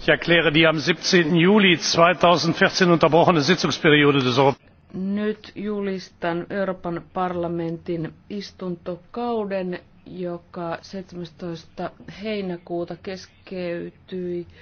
ich erkläre die am. siebzehn juli zweitausendvierzehn unterbrochene sitzungsperiode des nyt julistan Euroopan parlamentin istuntokauden, joka 17. heinäkuuta keskeytyi.